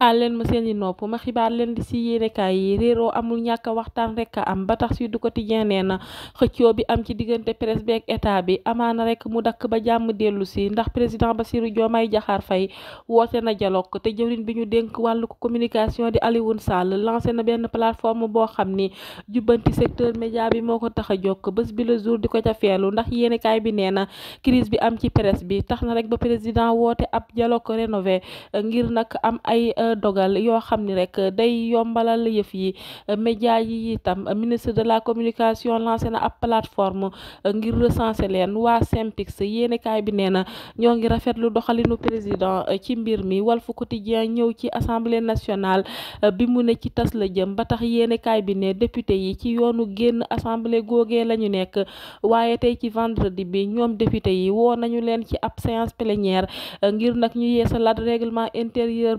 al leen ma seeni i nopp ma xibaar leen di si yéenekaay yi réeroo amul ñàkk waxtaan rek am ba tax si du quotidien nee na xëccoo bi am ci diggante presse bi ak état bi amaana rek mu dakk ba jàmm dellu si ndax président Bassirou Diomaye Diakhar fay woote na dialogue te jëwriñ bi ñu dénk wàllu communication di Alioune sàll lancé na benn plateforme boo xam ni jubbanti secteur média bi moo ko tax a jokk bés bi le jour di ko ca feelu ndax yéenekaay bi nee na crise bi am ci presse bi tax na rek ba président woote ab dialogue rénové ngir nag am ay dogal yoo xam ni rek day yombalal yëf yi média yi itam ministre de la communication lancé na ab plateforme ngir recenser leen waa Synpics yéenekaay bi nee na ñoo ngi rafetlu doxalinu président ci mbir mi Walf Quotidien ñëw ci assemblée nationale bi mu ne ci tas la jëm ba tax yéenekaay bi ne député yi ci yoonu génn assemblée googee la ñu nekk waaye tey ci vendredi bi ñoom député yi woo nañu leen ci ab séance plénière ngir nag ñu yeesalaat règlement intérieur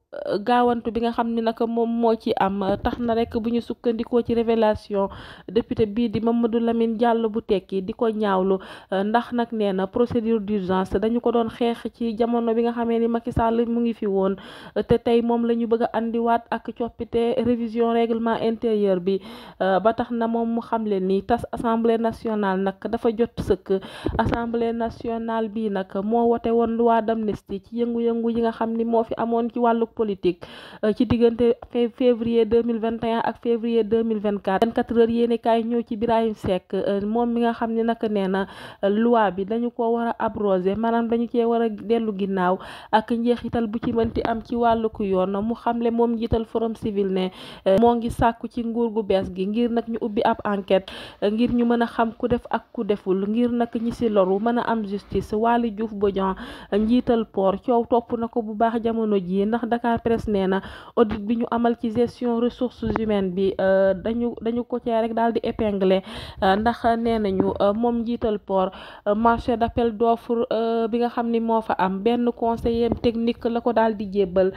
gaawantu bi nga xam ni naka moom moo ci am tax na rek bu ñu sukkandikoo ci révélation député bii di Mamadou Lamine jàll bu tekki di ko ñaawlu ndax nag nee na procédure d'urgence dañu ko doon xeex ci jamono bi nga xamee ni Macky Sall mu ngi fi woon te tey moom la ñu bëgg a andiwaat ak coppite révision règlement intérieur bi ba tax na moom mu xam leen ni tas assemblée nationale nag dafa jot sëkk assemblée nationale bi nag moo wote woon lu waa ci yëngu-yëngu yi nga xam ni moo fi amoon ci wàllu politique euh, ci diggante février 2021 ak février 2024 24 heures yéene kaay ñëw ci Birahim Seck euh, moom mi nga xam ne naka nee na euh, loi bi dañu ko war a abroger maanaam dañu cee war a dellu ginnaaw ak njeexital bu ci mënti am ci wàllu ku yoon mu xamle moom njiital forum civil ne moo ngi sàkku ci nguur gu bees gi ngir nag ñu ubbi ab enquête ngir ñu mën a xam ku def ak ku deful ngir nag ñi si loru mën a am justice Waly Diouf Bodian njiital port coow topp na ko bu baax jamono Dakar Presse na audit bi ñu amal ci gestion ressources humaines bi euh, dañu dañu ko cee rek daal di épingler euh, ndax nee nañu euh, moom njiital port marché d'appel d'offre bi nga xam ni moo fa am benn conseiller technique la ko daal di jébbal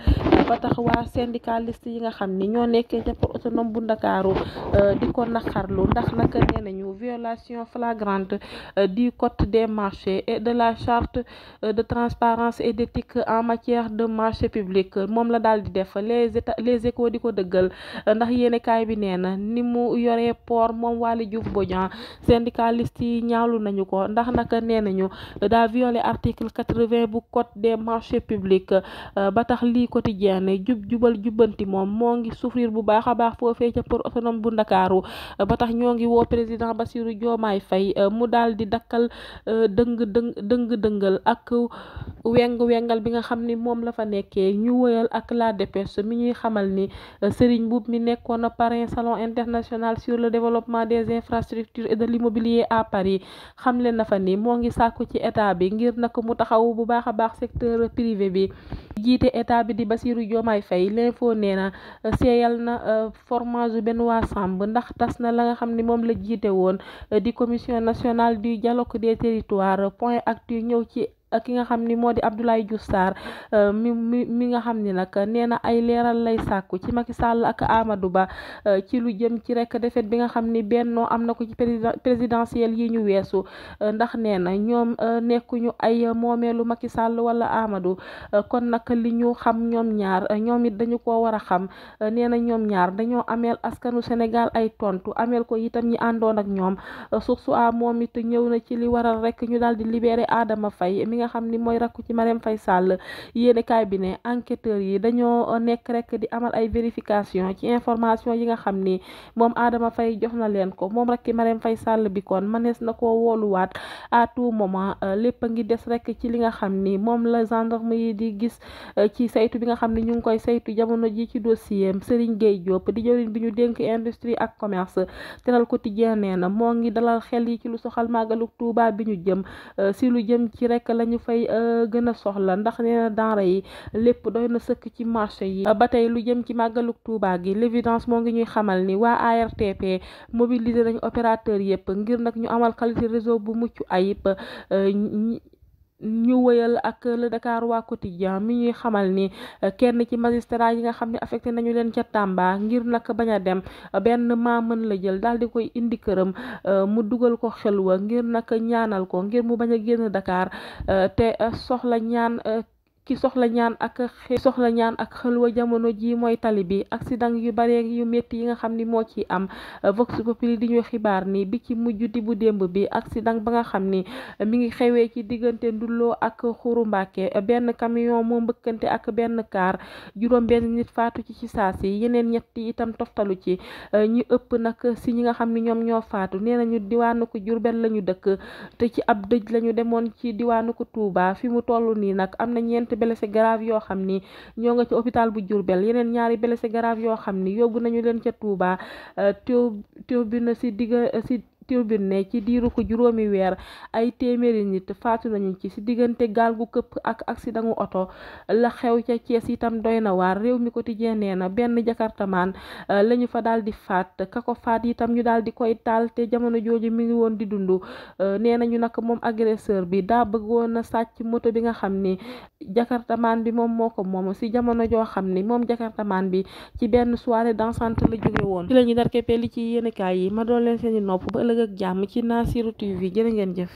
ba tax waa syndicaliste yi nga xam ni ñoo nekkee ca port autonome bu Ndakaaru di ko naqarlu ndax nag nee nañu violation flagrante du code des marchés et de la charte de transparence et d'éthique en matière de marché public moom la daal di def les états les échos di ko dëggal ndax yéenekaay bi nee na ni mu yore port moom Waly Diouf Bodian syndicaliste yi ñaawlu nañu ko ndax naka nee nañu daa violé article quatre-vingt bu code de marchés publics euh, ba tax lii quotidien jub jubal jubbanti moom moo ngi souffrir bu baax a baax foofee ca port autonome bu Ndakaaru euh, ba tax ñoo ngi woo président Bassirou Diomaye Faye euh, mu dal di dakkal dëng dëng dëng dëngal ak weng wengal bi nga xam ni moom la fa nekkee ñu woyal ak la dépêche mi ñuy xamal ni euh, Serigne Mboup mi nekkoon parrain salon international sur le développement des infrastructures et de l'immobilier à Paris xamle na fa ni moo ngi sàkku ci état bi ngir nag mu taxawu bu baax a baax secteur privé bi jiite état bi di Bassirou Diomaye Faye l'info nee na euh, seeyal na benn euh, Benoît Samb ndax tas na la nga xam ni moom la jiite woon di commission nationale du dialogue des territoires point actu ñëw ci ki nga xam ni moo di Abdoulaye Diouf Sarr euh, mi mi mi nga xam ni nag nee na ay leeral lay sàkku ci Macky Sall ak Amadou Ba euh, ci lu jëm ci rek defet bi nga xam ni bennoo am na ko ci présidentielle yi ñu weesu euh, ndax nee na ñoom nekkuñu ay moomeelu Macky Sall wala Amadou kon nag li ñu xam ñoom ñaar ñoom it dañu ko war a xam nee na ñoom ñaar dañoo ameel askanu Sénégal ay tontu ameel ko itam ñi àndoon ak ñoom suuf su a ñëw na ci li waral rek ñu daal libéré Adama nga xam ni mooy rakku ci Marème Faye Sall yéenekaay bi ne enquêteurs yi dañoo euh, nekk rek yi nga xam ni moom Adama Faye jox na leen ko moom rakki Marème Faye Sall bi kon manees na koo wooluwaat à tout moment euh, lépp a ngi des rek ci li nga xam ni moom la gendarme yi di gis euh, ci saytu bi nga xam ni ñu ngi koy saytu jamono ji ci dossier am Serigne Gueye Diop di jëwriñ bi ñu dénk industrie ak commerce Téral Quotidien nee na moo ngi dalal xel yi ci lu soxal màggalu Tuuba bi ñu jëm si lu jëm ci rek ñu fay euh, gën a soxla ndax nee na yi lépp dooy na sëkk ci marché yi ba tey lu jëm ci màggaluk Tuuba gi l'évidence moo ngi ñuy xamal ni waa ARTP mobiliser nañ opérateur yëpp ngir nag ñu amal qualité réseau bu mucc ayib euh, ñu woyal ak le Dakar waa quotidien mi ñuy xamal ni eh, kenn ci magistrat yi nga xam ne affecté nañu leen ca Tamba ngir nak bañ a dem benn maamën la jël daal di koy indi këram eh, mu dugal ko xel ngir nag ñaanal ko ngir mu bañ a génn Dakar eh, te soxla ñaan ki soxla ñaan ak soxla ñaan ak xëlwa jamono ji mooy tali bi accident yu bare yu métti yi nga xam ni moo ci am vox populi di ñuy xibaar ni bi ci mujj di bu démb bi accident ba nga xam ni mu ngi xewee ci diggante ndulloo ak xuru mbàkke benn camion moo mbëkkante ak benn kaar juróom benn nit faatu ci ci si yeneen ñetti itam toftalu ci ñu ëpp nag si ñi nga xam ni ñoom ñoo faatu nee nañu diwaanu ko Jurbel lañu dëkk te ci ab dëj lañu demoon ci diwaanu ko Tuuba fi ñetti blessé grave yoo xam ni ñoo nga ci hôpital bu Diourbel yeneen ñaari blessé grave yoo xam ni yóbbu nañu leen ca Touba teew teew bi na si digg si turbine ne ci diiru ko juróomi weer ay téeméeri nit faatu nañu ci si diggante gaal gu këpp ak accident wu oto la xew ca Cees itam doy na waar réew mi quotidien nee na benn jakartamaan euh, la ñu fa daal di faat ka ko faat itam ñu daal di koy taal jamono jooju mi ngi woon di dund euh, nee nañu nag moom agresseur bi daa bëggoon a sàcc moto bi nga xam ni jakartamaan bi moom moo ko moom si jamono joo xam ni moom jakartamaan bi ci benn soirée dansante la jóge woon ci la ñu darkeppee li ci yéenekaay yi ma doon leen seeni nopp ba ëllëg ëllëg ak jàmm ci Nassirou TV jërë ngeen jëf